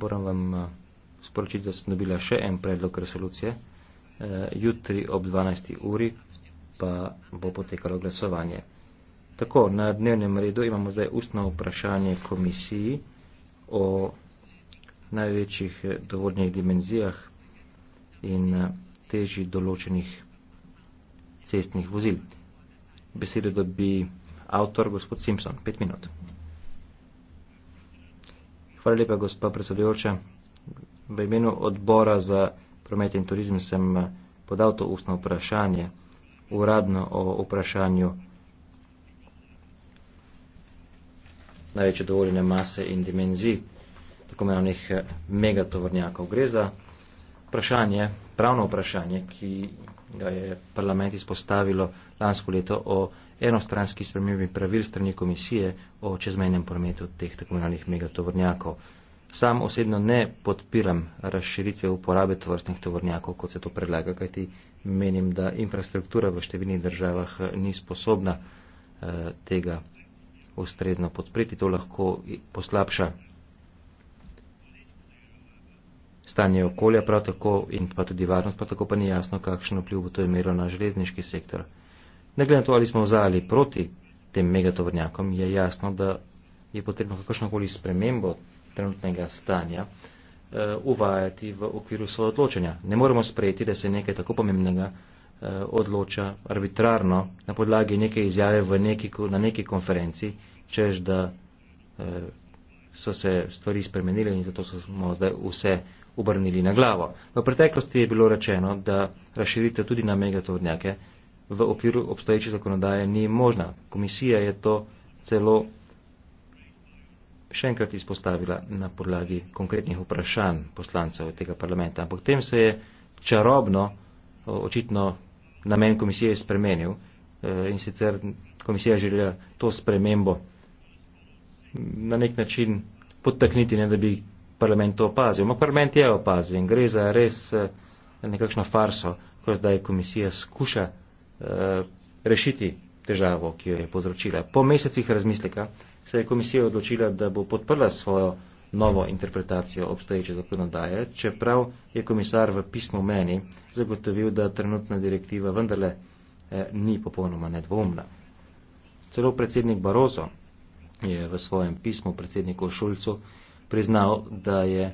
moram vam eh, sporočiti, da sem dobila še en predlog resolucije. Eh, jutri ob 12. uri pa bo potekalo glasovanje. Tako, na dnevnem redu imamo zdaj ustno vprašanje komisiji o največjih eh, dovoljnih dimenzijah in teži določenih cestnih vozil. Besedo dobi avtor gospod Simpson. Pet minut. Hvala lepa, gospa predsedujoča. V imenu odbora za promet in turizem sem eh, podal to ustno vprašanje, uradno o vprašanju največje dovoljene mase in dimenzij, tako imenovanih eh, megatovornjakov. Gre za vprašanje, pravno vprašanje, ki ga je parlament izpostavilo lansko leto o enostranski spremembi pravil strani komisije o čezmejnem prometu teh tako imenovanih megatovornjakov. Sam osebno ne podpiram razširitve uporabe tovrstnih tovornjakov, kot se to predlaga, kajti menim, da infrastruktura v številnih državah eh, ni sposobna eh, tega ustrezno podpreti. To lahko poslabša stanje okolja prav tako in pa tudi varnost, pa tako pa ni jasno, kakšen vpliv bo to imelo na železniški sektor. Ne glede na to, ali smo za ali proti tem megatovrnjakom, je jasno, da je potrebno kakršnokoli spremembo trenutnega stanja uh, uvajati v okviru svoje odločanja. Ne moremo sprejeti, da se nekaj tako pomembnega uh, odloča arbitrarno na podlagi neke izjave neki, na neki konferenci, čež da uh, so se stvari spremenili in zato smo zdaj vse obrnili na glavo. V preteklosti je bilo rečeno, da razširitev tudi na megatovrnjake v okviru obstoječe zakonodaje ni možna. Komisija je to celo še enkrat izpostavila na podlagi konkretnih vprašanj poslancev tega parlamenta. Ampak tem se je čarobno, očitno namen komisije je spremenil e, in sicer komisija želja to spremembo na nek način potakniti, ne da bi parlament to opazil. Ma parlament je opazil in gre za res e, nekakšno farso, ko zdaj komisija skuša Eh, rešiti težavo, ki jo je povzročila. Po mesecih razmisleka se je komisija odločila, da bo podprla svojo novo interpretacijo obstoječe zakonodaje, čeprav je komisar v pismu meni zagotovil, da trenutna direktiva vendarle eh, ni popolnoma nedvomna. Celo predsednik Barozo je v svojem pismu predsedniku Šulcu priznal, da je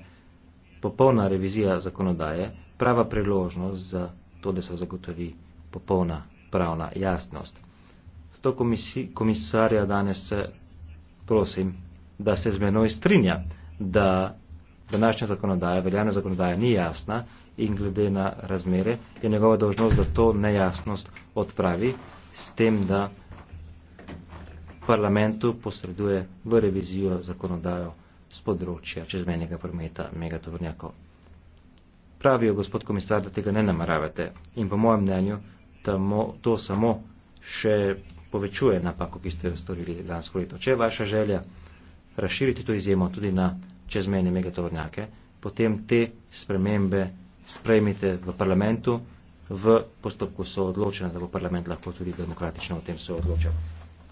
popolna revizija zakonodaje prava priložnost za to, da se zagotovi popolna pravna jasnost. Zato komisarja danes prosim, da se z menoj strinja, da današnja zakonodaja, veljana zakonodaja ni jasna in glede na razmere je njegova dožnost, da to nejasnost odpravi s tem, da parlamentu posreduje v revizijo zakonodajo z področja čezmenjega prometa megatovrnjakov. Pravijo gospod komisar, da tega ne namaravate in po mojem mnenju tamo, to samo še povečuje napako, ki ste jo storili lansko leto. Če je vaša želja razširiti to izjemo tudi na čezmene megatovornjake, potem te spremembe sprejmite v parlamentu, v postopku so odločene, da bo parlament lahko tudi demokratično o tem se odločal.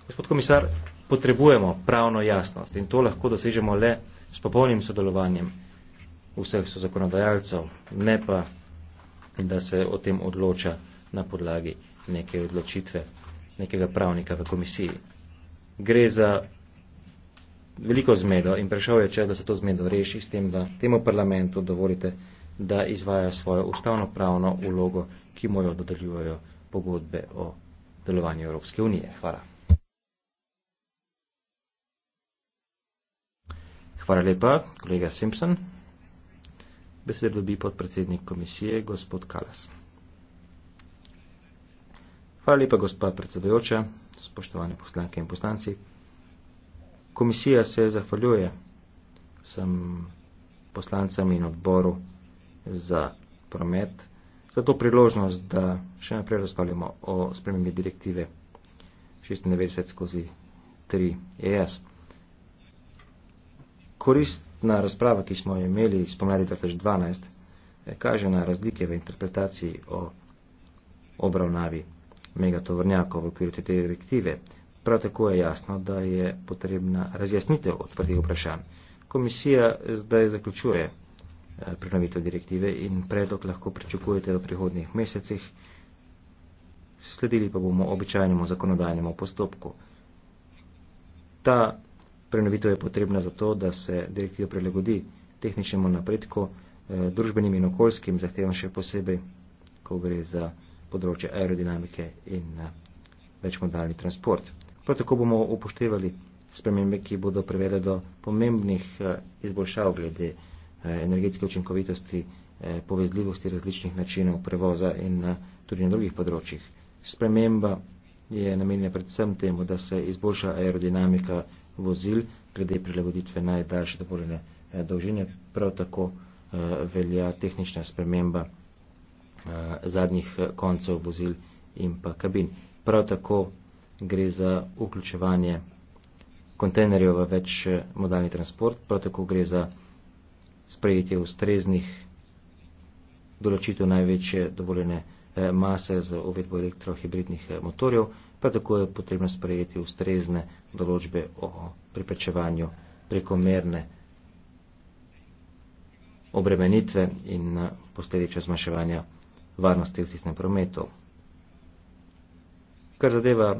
Gospod komisar, potrebujemo pravno jasnost in to lahko dosežemo le s popolnim sodelovanjem vseh so zakonodajalcev, ne pa, da se o tem odloča na podlagi neke odločitve nekega pravnika v komisiji. Gre za veliko zmedo in prišel je čas, da se to zmedo reši s tem, da temu parlamentu dovolite, da izvaja svojo ustavno pravno ulogo, ki mu jo dodeljujejo pogodbe o delovanju Evropske unije. Hvala. Hvala lepa, kolega Simpson. Besedo dobi podpredsednik komisije, gospod Kalas. Hvala lepa, gospa predsedajoča, spoštovane poslanke in poslanci. Komisija se zahvaljuje vsem poslancem in odboru za promet za to priložnost, da še naprej razpravljamo o spremembi direktive 96 skozi 3 ES. Koristna razprava, ki smo jo imeli spomladi 2012, kaže na razlike v interpretaciji o obravnavi megatovrnjakov v okviru te direktive. Prav tako je jasno, da je potrebna razjasnitev odprtih vprašanj. Komisija zdaj zaključuje eh, prenovitev direktive in predlog lahko pričakujete v prihodnjih mesecih. Sledili pa bomo običajnemu zakonodajnemu postopku. Ta prenovitev je potrebna zato, da se direktiva prilagodi tehničnemu napredku, eh, družbenim in okoljskim zahtevam še posebej, ko gre za področje aerodinamike in eh, večkondalni transport. Prav tako bomo upoštevali spremembe, ki bodo privedle do pomembnih eh, izboljšav glede eh, energetske učinkovitosti, povezljivosti različnih načinov prevoza in tudi na drugih področjih. Sprememba je namenjena predvsem temu, da se izboljša aerodinamika vozil glede prilagoditve najdaljše dovoljene dolžine. Prav tako velja tehnična sprememba Eh, zadnjih eh, koncev vozil in pa kabin. Prav tako gre za vključevanje kontejnerjev v več eh, modalni transport, prav tako gre za sprejetje ustreznih določitev največje dovoljene mase za uvedbo elektrohibridnih motorjev, prav tako je potrebno sprejeti ustrezne določbe o priprečevanju prekomerne obremenitve in posledično zmanjševanja varnosti v tistem prometu. Kar zadeva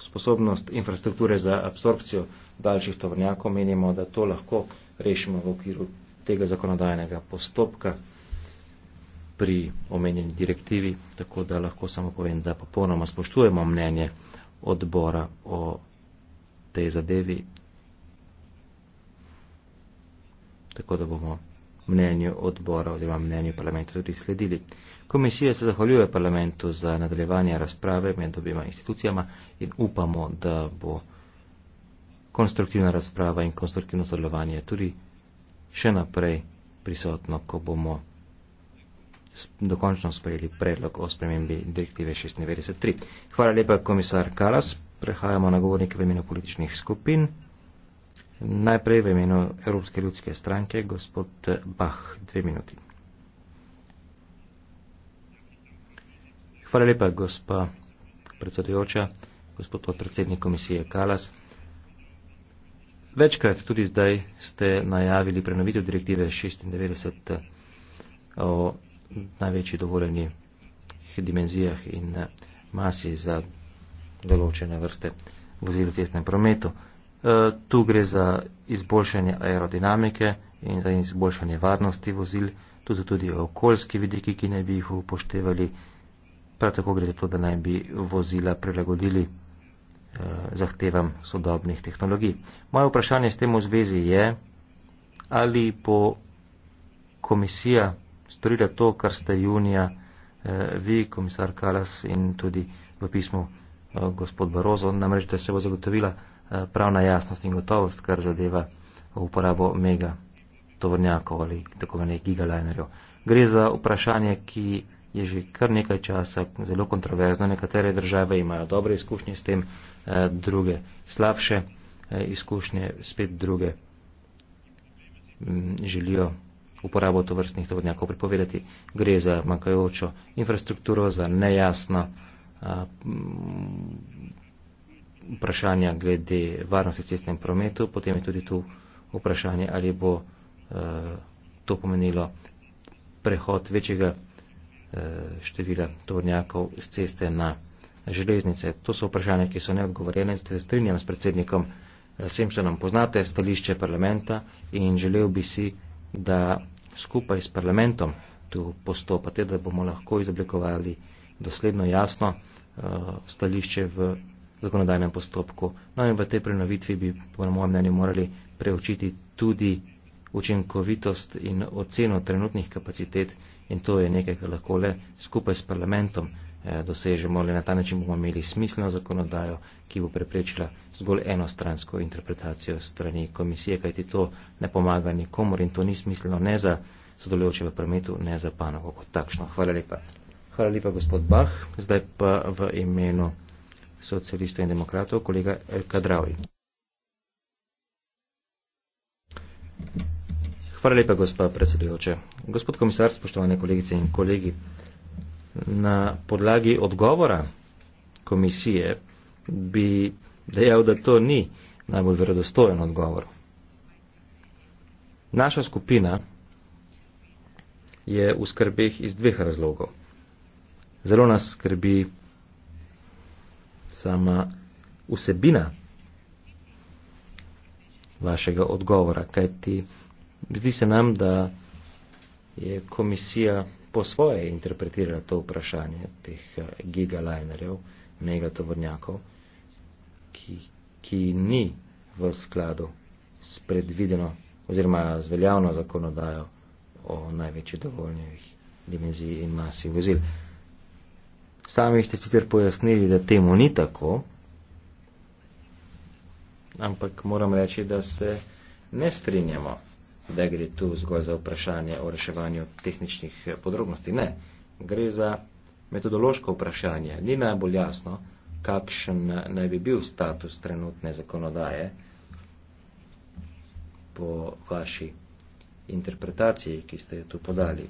sposobnost infrastrukture za absorpcijo daljših tovrnjakov, menimo, da to lahko rešimo v okviru tega zakonodajnega postopka pri omenjeni direktivi, tako da lahko samo povem, da popolnoma spoštujemo mnenje odbora o tej zadevi, tako da bomo mnenju odbora oziroma mnenju parlamenta tudi sledili. Komisija se zahvaljuje parlamentu za nadaljevanje razprave med obima institucijama in upamo, da bo konstruktivna razprava in konstruktivno sodelovanje tudi še naprej prisotno, ko bomo dokončno sprejeli predlog o spremembi direktive 693. Hvala lepa, komisar Kalas. Prehajamo na govornike v imenu političnih skupin. Najprej v imenu Evropske ljudske stranke, gospod Bah, dve minuti. Hvala lepa, gospa predsedujoča, gospod podpredsednik komisije Kalas. Večkrat tudi zdaj ste najavili prenovitev direktive 96 o največji dovoljeni dimenzijah in masi za določene vrste vozil v cestnem prometu. Eh, tu gre za izboljšanje aerodinamike in za izboljšanje varnosti vozil, tu so tudi okoljski vidiki, ki naj bi jih upoštevali. Prav tako gre za to, da naj bi vozila prilagodili eh, zahtevam sodobnih tehnologij. Moje vprašanje s tem v zvezi je, ali bo komisija storila to, kar ste junija eh, vi, komisar Kalas in tudi v pismu gospod Barozo, namreč da se bo zagotovila Eh, pravna jasnost in gotovost, kar zadeva uporabo mega tovornjakov ali tako imenih gigalinerjev. Gre za vprašanje, ki je že kar nekaj časa zelo kontroverzno. Nekatere države imajo dobre izkušnje s tem, eh, druge slabše eh, izkušnje, spet druge mm, želijo uporabo tovrstnih tovornjakov pripovedati. Gre za manjkajočo infrastrukturo, za nejasno vprašanja glede varnosti v cestnem prometu, potem je tudi tu vprašanje, ali bo eh, to pomenilo prehod večjega eh, števila tovornjakov z ceste na železnice. To so vprašanja, ki so neodgovorjene. Strinjam s predsednikom, vsem se nam poznate, stališče parlamenta in želel bi si, da skupaj s parlamentom tu postopate, da bomo lahko izoblikovali dosledno jasno eh, stališče v zakonodajnem postopku. No in v tej prenovitvi bi, po mojem mnenju, morali preučiti tudi učinkovitost in oceno trenutnih kapacitet in to je nekaj, kar lahko le skupaj s parlamentom eh, dosežemo, le na ta način bomo imeli smiselno zakonodajo, ki bo preprečila zgolj enostransko interpretacijo strani komisije, kajti to ne pomaga nikomor in to ni smiselno ne za sodelujoče v prometu, ne za panovo kot takšno. Hvala lepa. Hvala lepa, gospod Bah. Zdaj pa v imenu socialistov in demokratov, kolega El Kadravi. Hvala lepa, gospa predsedujoče. Gospod komisar, spoštovane kolegice in kolegi, na podlagi odgovora komisije bi dejal, da to ni najbolj verodostojen odgovor. Naša skupina je v skrbeh iz dveh razlogov. Zelo nas skrbi sama vsebina vašega odgovora, kajti zdi se nam, da je komisija po svoje interpretirala to vprašanje teh eh, gigalinerjev, megatovornjakov, ki, ki ni v skladu s predvideno oziroma z veljavno zakonodajo o največji dovoljnih dimenziji in masi vozil. Sami ste sicer pojasnili, da temu ni tako, ampak moram reči, da se ne strinjamo, da gre tu zgolj za vprašanje o reševanju tehničnih podrobnosti. Ne, gre za metodološko vprašanje. Ni najbolj jasno, kakšen naj bi bil status trenutne zakonodaje po vaši interpretaciji, ki ste jo tu podali.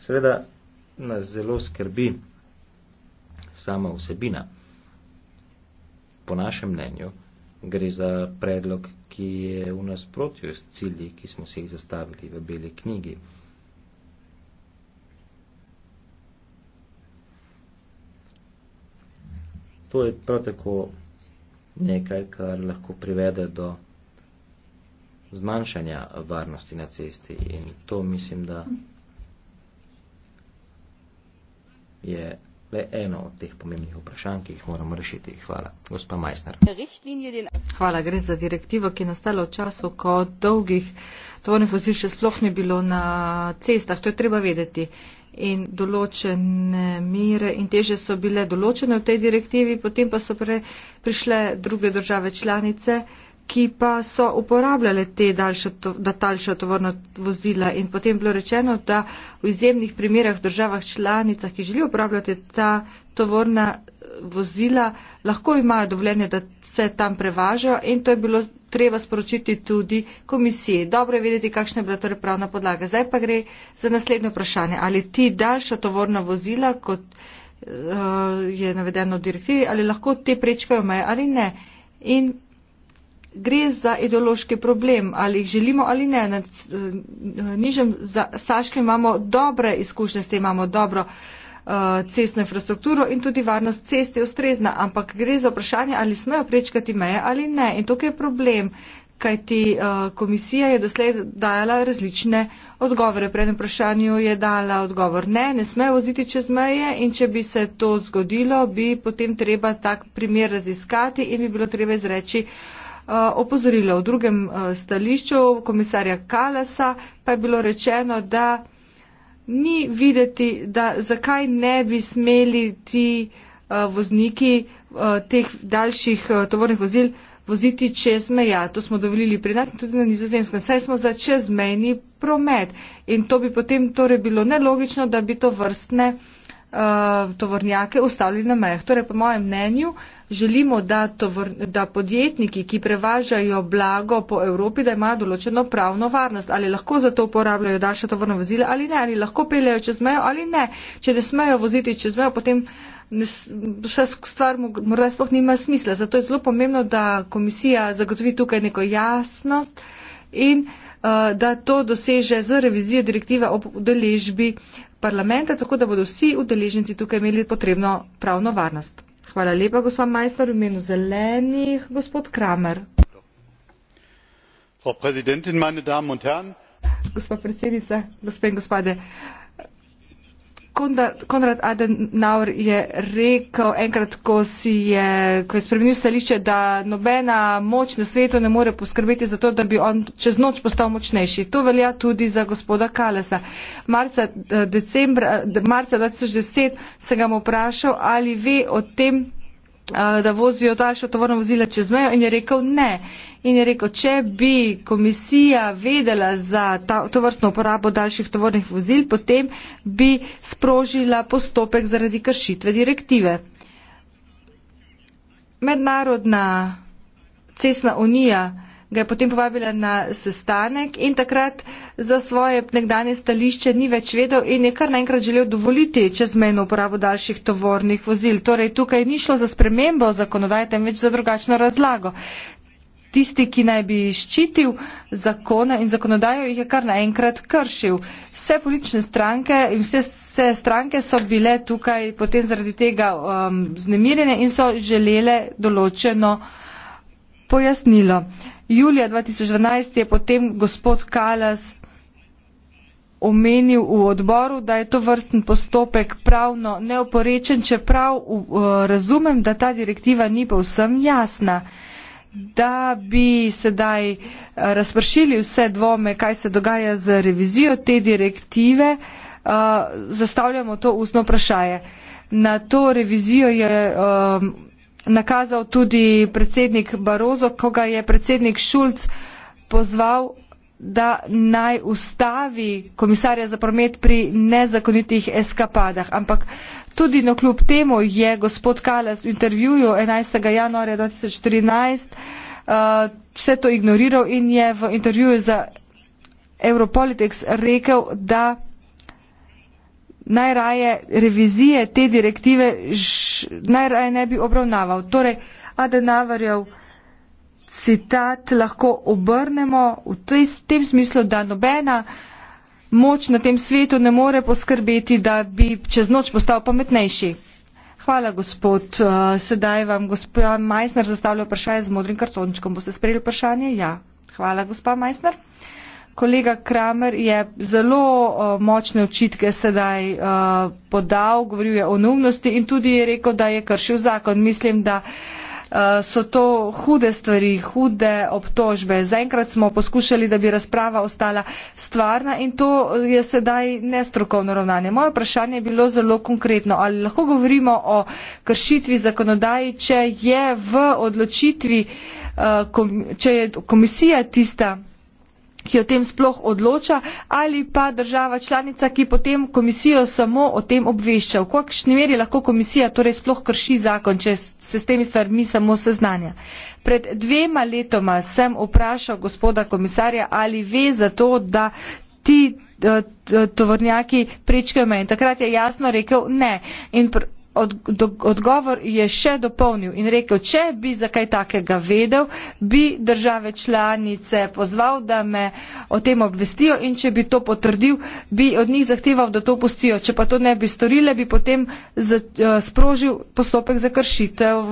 Sveda nas zelo skrbi, sama vsebina. Po našem mnenju gre za predlog, ki je v nasprotju s cilji, ki smo si jih zastavili v beli knjigi. To je prav tako nekaj, kar lahko privede do zmanjšanja varnosti na cesti in to mislim, da je le eno od teh pomembnih vprašanj, ki jih moramo rešiti. Hvala, gospa Majsner. Hvala, gre za direktivo, ki je nastala v času, ko dolgih tovornih vozil še sploh ni bilo na cestah. To je treba vedeti. In določene mire in teže so bile določene v tej direktivi, potem pa so pre, prišle druge države članice ki pa so uporabljale te daljše, to, da daljše tovorno vozila. In potem bilo rečeno, da v izjemnih primerjah v državah članicah, ki želijo uporabljati ta tovorna eh, vozila, lahko imajo dovoljenje, da se tam prevažajo in to je bilo treba sporočiti tudi komisiji. Dobro je vedeti, kakšna je bila torej pravna podlaga. Zdaj pa gre za naslednje vprašanje. Ali ti daljša tovorna vozila, kot uh, je navedeno v direktivi, ali lahko te prečkajo meje ali ne. In gre za ideološki problem, ali jih želimo ali ne. Na eh, nižjem Saškem imamo dobre izkušnje, s tem imamo dobro eh, cestno infrastrukturo in tudi varnost cest je ustrezna, ampak gre za vprašanje, ali smejo prečkati meje ali ne. In tukaj je problem, kajti eh, komisija je doslej dajala različne odgovore. Pred vprašanju je dala odgovor ne, ne smejo voziti čez meje in če bi se to zgodilo, bi potem treba tak primer raziskati in bi bilo treba izreči uh, Eh, opozorilo. V drugem eh, stališču komisarja Kalasa pa je bilo rečeno, da ni videti, da zakaj ne bi smeli ti eh, vozniki teh daljših tovornih vozil voziti čez meja. To smo dovolili pri nas in tudi na nizozemskem. Saj smo za čezmejni promet in to bi potem torej bilo nelogično, da bi to vrstne. Eh, tovornjake ustavljali na mejah. Torej, po mojem mnenju, želimo, da, tovor, da podjetniki, ki prevažajo blago po Evropi, da imajo določeno pravno varnost. Ali lahko za to uporabljajo daljša tovorna vozila ali ne, ali lahko peljajo čez mejo ali ne. Če ne smejo voziti čez mejo, potem ne, vsa stvar morda sploh nima smisla. Zato je zelo pomembno, da komisija zagotovi tukaj neko jasnost in eh, da to doseže z revizijo direktive o deležbi uh, parlamenta, tako da bodo vsi udeleženci tukaj imeli potrebno pravno varnost. Hvala lepa, gospod Majstor, v imenu zelenih, gospod Kramer. Gospod predsednica, gospod in gospode. Konrad Adenauer je rekel enkrat, ko, je, ko je spremenil stališče, da nobena moč na svetu ne more poskrbeti za to, da bi on čez noč postal močnejši. To velja tudi za gospoda Kalesa. Marca, eh, decembra, marca 2010 sem ga vprašal, ali ve o tem, da vozijo daljša tovorna vozila čez mejo in je rekel ne. In je rekel, če bi komisija vedela za ta, to vrstno uporabo daljših tovornih vozil, potem bi sprožila postopek zaradi kršitve direktive. Mednarodna cesna unija ga je potem povabila na sestanek in takrat za svoje nekdanje stališče ni več vedel in je kar naenkrat želel dovoliti čezmejno uporabo daljših tovornih vozil. Torej tukaj ni šlo za spremembo zakonodaje, temveč za drugačno razlago. Tisti, ki naj bi ščitil zakone in zakonodajo, jih je kar naenkrat kršil. Vse politične stranke in vse, vse stranke so bile tukaj potem zaradi tega um, znemirjene in so želele določeno pojasnilo. Julija 2012 je potem gospod Kalas omenil v odboru, da je to vrsten postopek pravno neoporečen, čeprav razumem, da ta direktiva ni povsem jasna. Da bi sedaj eh, razpršili vse dvome, kaj se dogaja z revizijo te direktive, eh, zastavljamo to ustno vprašanje. Na to revizijo je. Um, nakazal tudi predsednik Barozo, ko ga je predsednik Šulc pozval, da naj ustavi komisarja za promet pri nezakonitih eskapadah. Ampak tudi na no kljub temu je gospod Kales v intervjuju 11. januarja 2014 uh, eh, vse to ignoriral in je v intervjuju za Europolitics rekel, da najraje revizije te direktive najraje ne bi obravnaval. Torej, Adenavarjev citat lahko obrnemo v tem smislu, da nobena moč na tem svetu ne more poskrbeti, da bi čez noč postal pametnejši. Hvala, gospod. Eh, sedaj vam gospod Majsner zastavlja vprašanje z modrim kartončkom. Boste sprejeli vprašanje? Ja. Hvala, gospod Majsner. Kolega Kramer je zelo uh, močne očitke sedaj uh, podal, govoril je o neumnosti in tudi je rekel, da je kršil zakon. Mislim, da uh, so to hude stvari, hude obtožbe. Zaenkrat smo poskušali, da bi razprava ostala stvarna in to je sedaj nestrokovno ravnanje. Moje vprašanje je bilo zelo konkretno. Ali lahko govorimo o kršitvi zakonodaji, če je v odločitvi, uh, kom, če je komisija tista, ki o tem sploh odloča ali pa država članica, ki potem komisijo samo o tem obvešča. V kakšni meri lahko komisija torej sploh krši zakon, če se s temi stvarmi samo seznanja. Pred dvema letoma sem vprašal gospoda komisarja, ali ve za to, da ti eh, tovornjaki prečkajo me in takrat je jasno rekel ne. In pr od, do, odgovor je še dopolnil in rekel, če bi za kaj takega vedel, bi države članice pozval, da me o tem obvestijo in če bi to potrdil, bi od njih zahteval, da to pustijo. Če pa to ne bi storile, bi potem za, uh, eh, sprožil postopek za kršitev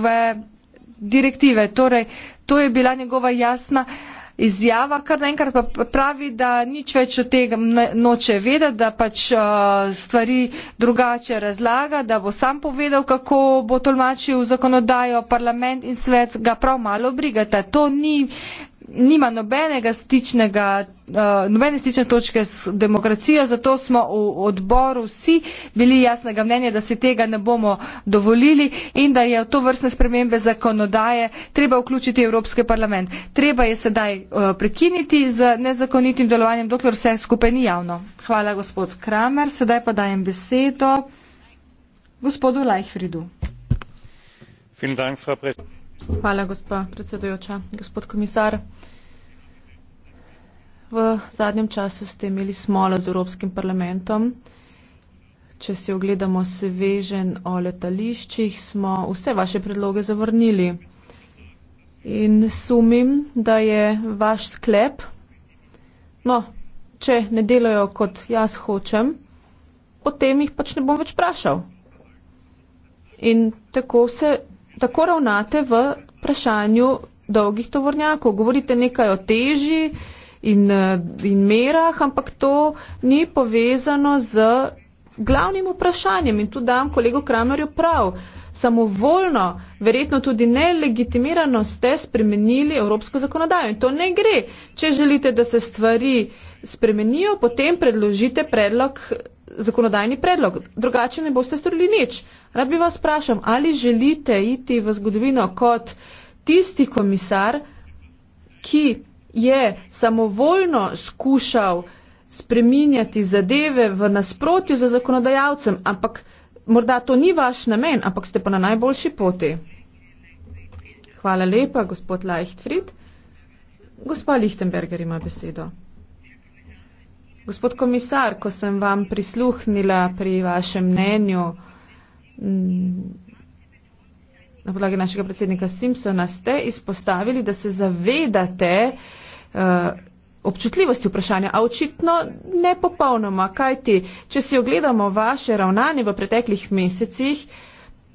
direktive. Torej, to je bila njegova jasna uh, izjava, kar naenkrat pa pravi, da nič več od tega noče vedeti, da pač uh, stvari drugače razlaga, da bo sam povedal, kako bo tolmačil zakonodajo, parlament in svet ga prav malo brigata. To ni, nima nobenega stičnega. Eh, nobene stične točke s demokracijo, zato smo v odboru vsi bili jasnega mnenja, da se tega ne bomo dovolili in da je v to vrstne spremembe zakonodaje treba vključiti Evropski parlament. Treba je sedaj eh, prekiniti z nezakonitim delovanjem, dokler vse skupaj ni javno. Hvala, gospod Kramer. Sedaj pa dajem besedo gospodu Lajfridu. Hvala, gospa predsedujoča. Gospod komisar. V zadnjem času ste imeli smola z Evropskim parlamentom. Če si ogledamo svežen o letališčih, smo vse vaše predloge zavrnili. In sumim, da je vaš sklep, no, če ne delajo kot jaz hočem, potem jih pač ne bom več vprašal. In tako, se, tako ravnate v vprašanju dolgih tovornjakov. Govorite nekaj o teži, in, eh, in merah, ampak to ni povezano z glavnim vprašanjem in tu dam kolegu Kramerju prav. Samovoljno, verjetno tudi nelegitimirano ste spremenili evropsko zakonodajo in to ne gre. Če želite, da se stvari spremenijo, potem predložite predlog, zakonodajni predlog. Drugače ne boste storili nič. Rad bi vas vprašal, ali želite iti v zgodovino kot tisti komisar, ki je samovoljno skušal spreminjati zadeve v nasprotju z zakonodajalcem, ampak morda to ni vaš namen, ampak ste pa na najboljši poti. Hvala lepa, gospod Leichtfried. Gospa Lichtenberger ima besedo. Gospod komisar, ko sem vam prisluhnila pri vašem mnenju mm, na podlagi našega predsednika Simpsona, ste izpostavili, da se zavedate, Eh, občutljivosti vprašanja, a očitno ne popolnoma, kajti če si ogledamo vaše ravnanje v preteklih mesecih,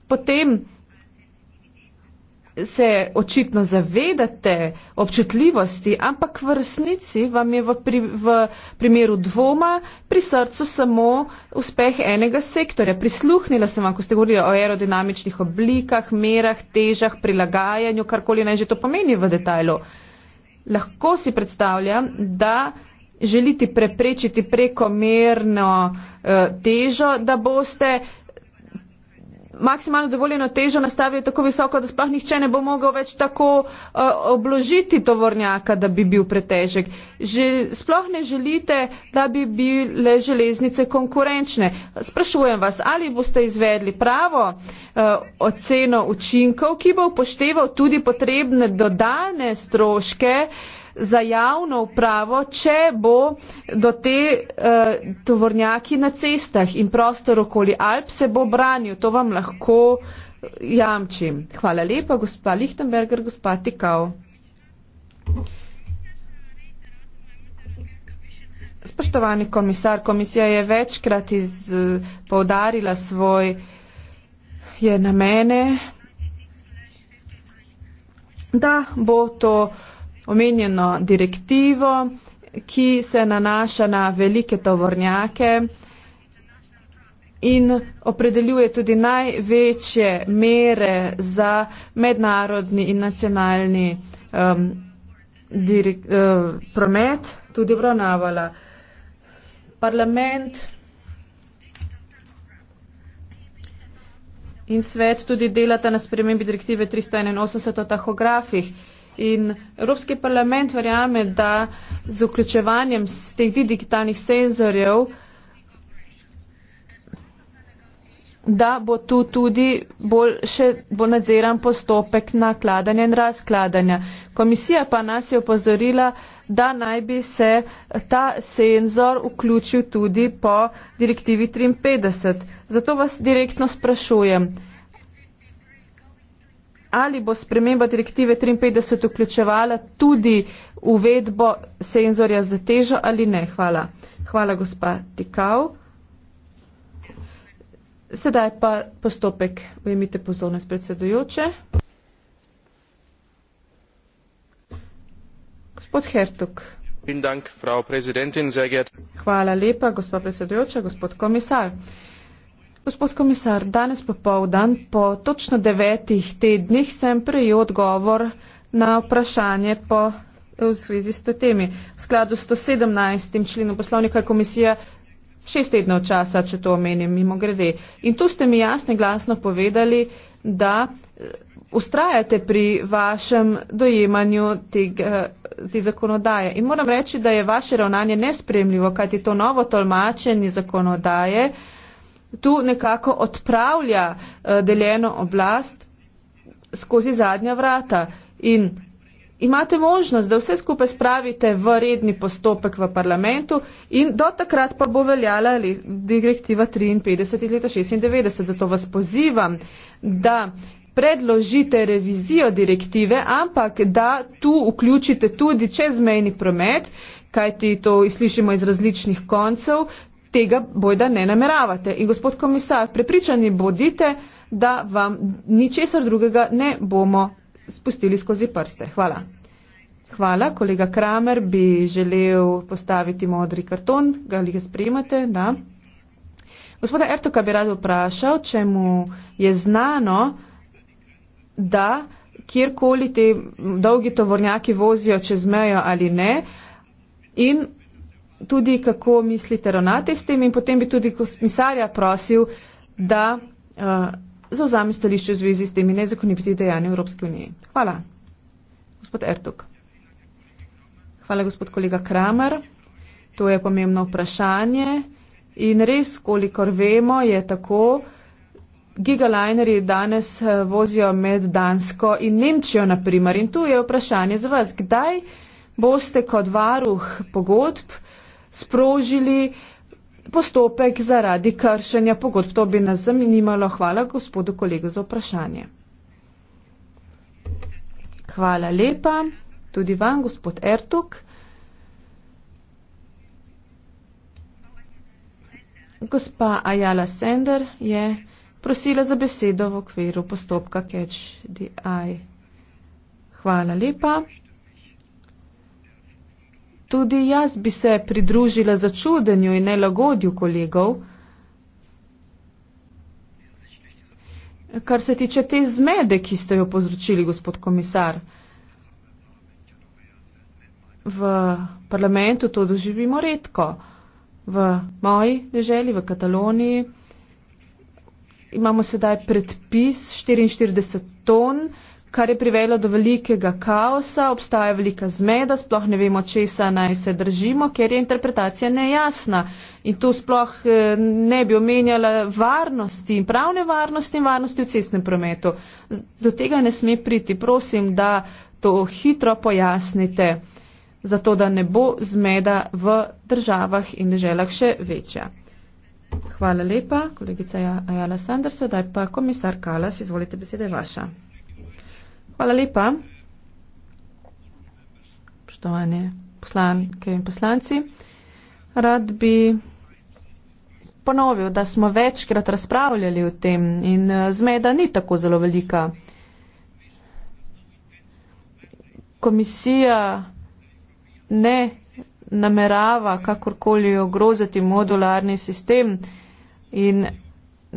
potem se očitno zavedate občutljivosti, ampak v resnici vam je v, pri, v primeru dvoma pri srcu samo uspeh enega sektorja. Prisluhnila sem vam, ko ste govorili o aerodinamičnih oblikah, merah, težah, prilagajanju, karkoli naj že to pomeni v detajlu lahko si predstavljam, da želite preprečiti prekomerno eh, težo, da boste maksimalno dovoljeno težo nastavijo tako visoko, da sploh nihče ne bo mogel več tako uh, obložiti tovornjaka, da bi bil pretežek. Že, sploh ne želite, da bi bile železnice konkurenčne. Sprašujem vas, ali boste izvedli pravo uh, oceno učinkov, ki bo upošteval tudi potrebne dodane stroške uh, za javno upravo, če bo do te eh, tovornjaki na cestah in prostor okoli Alp se bo branil. To vam lahko jamčim. Hvala lepa, gospa Lichtenberger, gospa Tikao. Spoštovani komisar, komisija je večkrat iz, povdarila svoj je na mene, da bo to omenjeno direktivo, ki se nanaša na velike tovornjake in opredeljuje tudi največje mere za mednarodni in nacionalni um, direk, uh, promet, tudi obravnavala. Parlament in svet tudi delata na spremembi direktive 381 o tahografih. In Evropski parlament verjame, da z vključevanjem teh digitalnih senzorjev, da bo tu tudi bolj še bo nadziran postopek nakladanja in razkladanja. Komisija pa nas je opozorila, da naj bi se ta senzor vključil tudi po direktivi 53. Zato vas direktno sprašujem ali bo sprememba direktive 53 vključevala tudi uvedbo senzorja za težo ali ne. Hvala. Hvala, gospa Tikav. Sedaj pa postopek. Ujemite pozornost predsedujoče. Gospod Hertog. Hvala lepa, gospod predsedujoča, gospod komisar. Gospod komisar, danes popovdan po točno devetih tednih sem prejel odgovor na vprašanje po, v zvezi s to temi. V skladu s 117. členom poslovnika je komisija šest tednov časa, če to omenim, mimo grede. In tu ste mi jasno in glasno povedali, da ustrajate eh, pri vašem dojemanju tega, te zakonodaje. In moram reči, da je vaše ravnanje nespremljivo, kajti to novo tolmačenje zakonodaje tu nekako odpravlja eh, deljeno oblast skozi zadnja vrata. In imate možnost, da vse skupaj spravite v redni postopek v parlamentu in do takrat pa bo veljala direktiva 53 iz leta 96. Zato vas pozivam, da predložite revizijo direktive, ampak da tu vključite tudi čezmejni promet, kajti to slišimo iz različnih koncev, tega bojda ne nameravate. In gospod komisar, prepričani bodite, da vam ničesar drugega ne bomo spustili skozi prste. Hvala. Hvala. Kolega Kramer bi želel postaviti modri karton. Ga li ga sprejmate? Da. Gospoda Ertoka bi rad vprašal, če mu je znano, da kjerkoli te dolgi tovornjaki vozijo čez mejo ali ne. In tudi kako mislite ravnati s tem in potem bi tudi komisarja prosil, da uh, zauzame stališče v zvezi s temi nezakonitimi dejanji Evropske unije. Hvala. Gospod Ertuk. Hvala, gospod kolega Kramer. To je pomembno vprašanje. In res, kolikor vemo, je tako. Gigalinerji danes eh, vozijo med Dansko in Nemčijo, naprimer. In tu je vprašanje za vas, kdaj boste kot varuh pogodb sprožili postopek zaradi kršenja pogodb. To bi nas zanimalo. Hvala gospodu kolegu za vprašanje. Hvala lepa. Tudi vam, gospod Ertuk. Gospa Ajala Sender je prosila za besedo v okviru postopka Catch the Eye. Hvala lepa. Tudi jaz bi se pridružila začudenju in nelagodju kolegov. Kar se tiče te zmede, ki ste jo povzročili, gospod komisar, v parlamentu to doživimo redko. V moji deželi, v Kataloniji, imamo sedaj predpis 44 ton kar je privelo do velikega kaosa, obstaja velika zmeda, sploh ne vemo, česa naj se držimo, ker je interpretacija nejasna. In tu sploh eh, ne bi omenjala varnosti in pravne varnosti in varnosti v cestnem prometu. Do tega ne sme priti. Prosim, da to hitro pojasnite, zato da ne bo zmeda v državah in deželah še večja. Hvala lepa, kolegica ja-, Ajala Sanders, sedaj pa komisar Kalas, izvolite, beseda je vaša. Hvala lepa. Poštovane poslanke in poslanci, rad bi ponovil, da smo večkrat razpravljali o tem in eh, zmeda ni tako zelo velika. Komisija ne namerava kakorkoli ogrozati modularni sistem in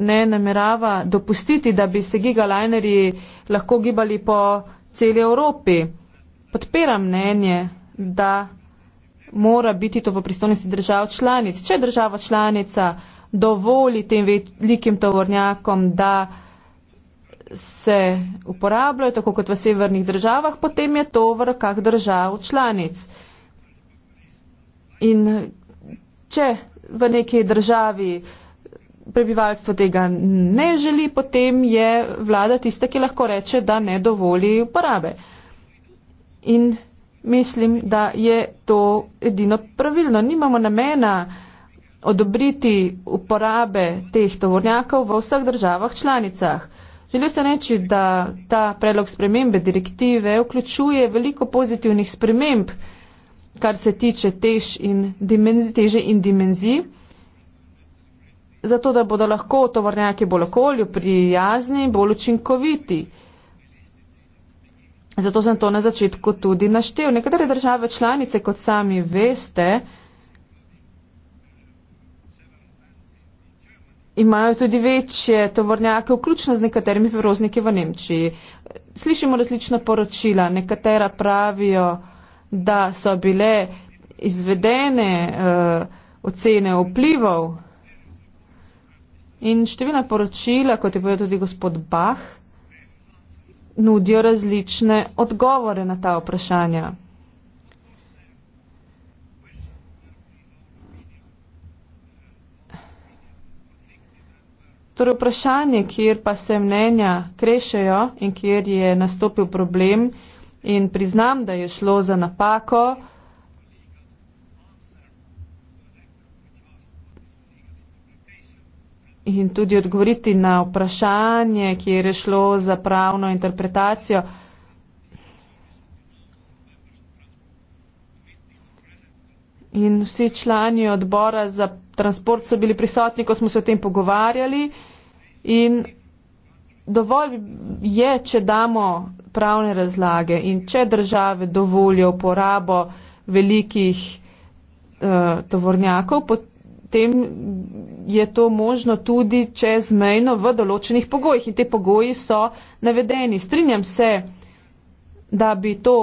ne namerava dopustiti, da bi se gigalinerji lahko gibali po celi Evropi. Podpiram mnenje, da mora biti to v pristojnosti držav članic. Če država članica dovoli tem velikim tovornjakom, da se uporabljajo tako kot v severnih državah, potem je to v rokah držav članic. In če v neki državi uh, prebivalstvo tega ne želi, potem je vlada tista, ki lahko reče, da ne dovoli uporabe. In mislim, da je to edino pravilno. Nimamo namena odobriti uporabe teh tovornjakov v vseh državah članicah. Želim se reči, da ta predlog spremembe direktive vključuje veliko pozitivnih sprememb, kar se tiče tež in dimenzi, teže in dimenzij zato da bodo lahko tovornjaki bolj okolju prijazni in bolj učinkoviti. Zato sem to na začetku tudi naštel. Nekatere države članice, kot sami veste, imajo tudi večje tovornjake, vključno z nekaterimi prevozniki v Nemčiji. Slišimo različna poročila. Nekatera pravijo, da so bile izvedene uh, ocene vplivov In številna poročila, kot je povedal tudi gospod Bach, nudijo različne odgovore na ta vprašanja. Torej vprašanje, kjer pa se mnenja krešejo in kjer je nastopil problem in priznam, da je šlo za napako, in tudi odgovoriti na vprašanje, ki je rešlo za pravno interpretacijo. In vsi člani odbora za transport so bili prisotni, ko smo se o tem pogovarjali. In dovolj je, če damo pravne razlage in če države dovolijo uporabo velikih uh, tovornjakov, pot, potem je to možno tudi čezmejno v določenih pogojih in te pogoji so navedeni. Strinjam se, da bi to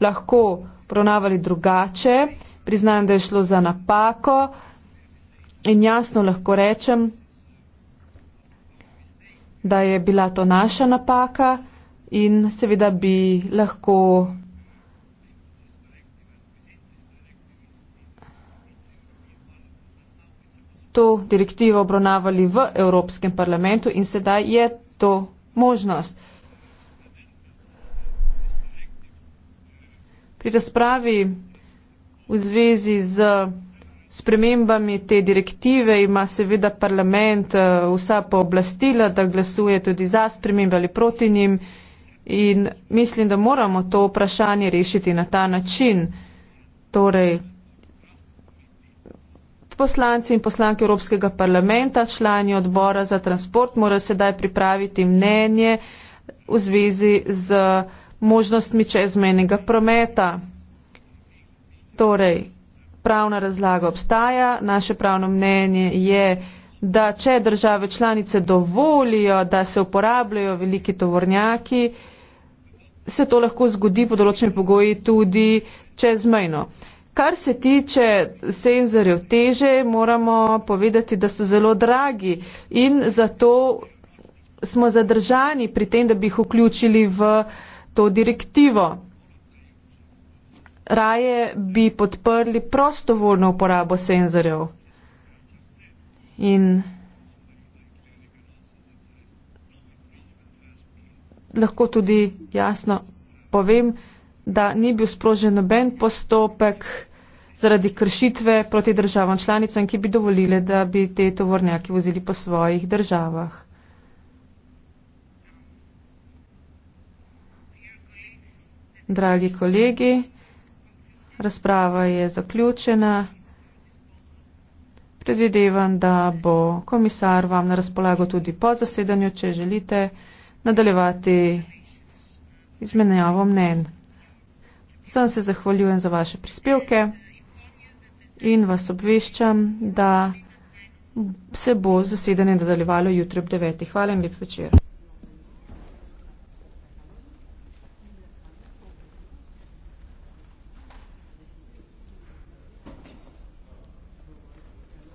lahko pronavali drugače, priznam, da je šlo za napako in jasno lahko rečem, da je bila to naša napaka in seveda bi lahko. to direktivo obravnavali v Evropskem parlamentu in sedaj je to možnost. Pri razpravi v zvezi z spremembami te direktive ima seveda parlament eh, vsa pooblastila, da glasuje tudi za spremembe ali proti njim in mislim, da moramo to vprašanje rešiti na ta način. Torej, poslanci in poslanke Evropskega parlamenta, člani odbora za transport, morajo sedaj pripraviti mnenje v zvezi z možnostmi čezmenega prometa. Torej, pravna razlaga obstaja, naše pravno mnenje je, da če države članice dovolijo, da se uporabljajo veliki tovornjaki, se to lahko zgodi po določenih pogojih tudi čezmejno. Kar se tiče senzorjev teže, moramo povedati, da so zelo dragi in zato smo zadržani pri tem, da bi jih vključili v to direktivo. Raje bi podprli prostovoljno uporabo senzorjev. In lahko tudi jasno povem, da ni bil sprožen noben postopek zaradi kršitve proti državam članicam, ki bi dovolile, da bi te tovornjaki vozili po svojih državah. Dragi kolegi, razprava je zaključena. Predvidevam, da bo komisar vam na razpolago tudi po zasedanju, če želite nadaljevati izmenjavo mnen. Sem se zahvaljujem za vaše prispevke in vas obveščam, da se bo zasedanje nadaljevalo jutri ob 9. Hvala in lep večer.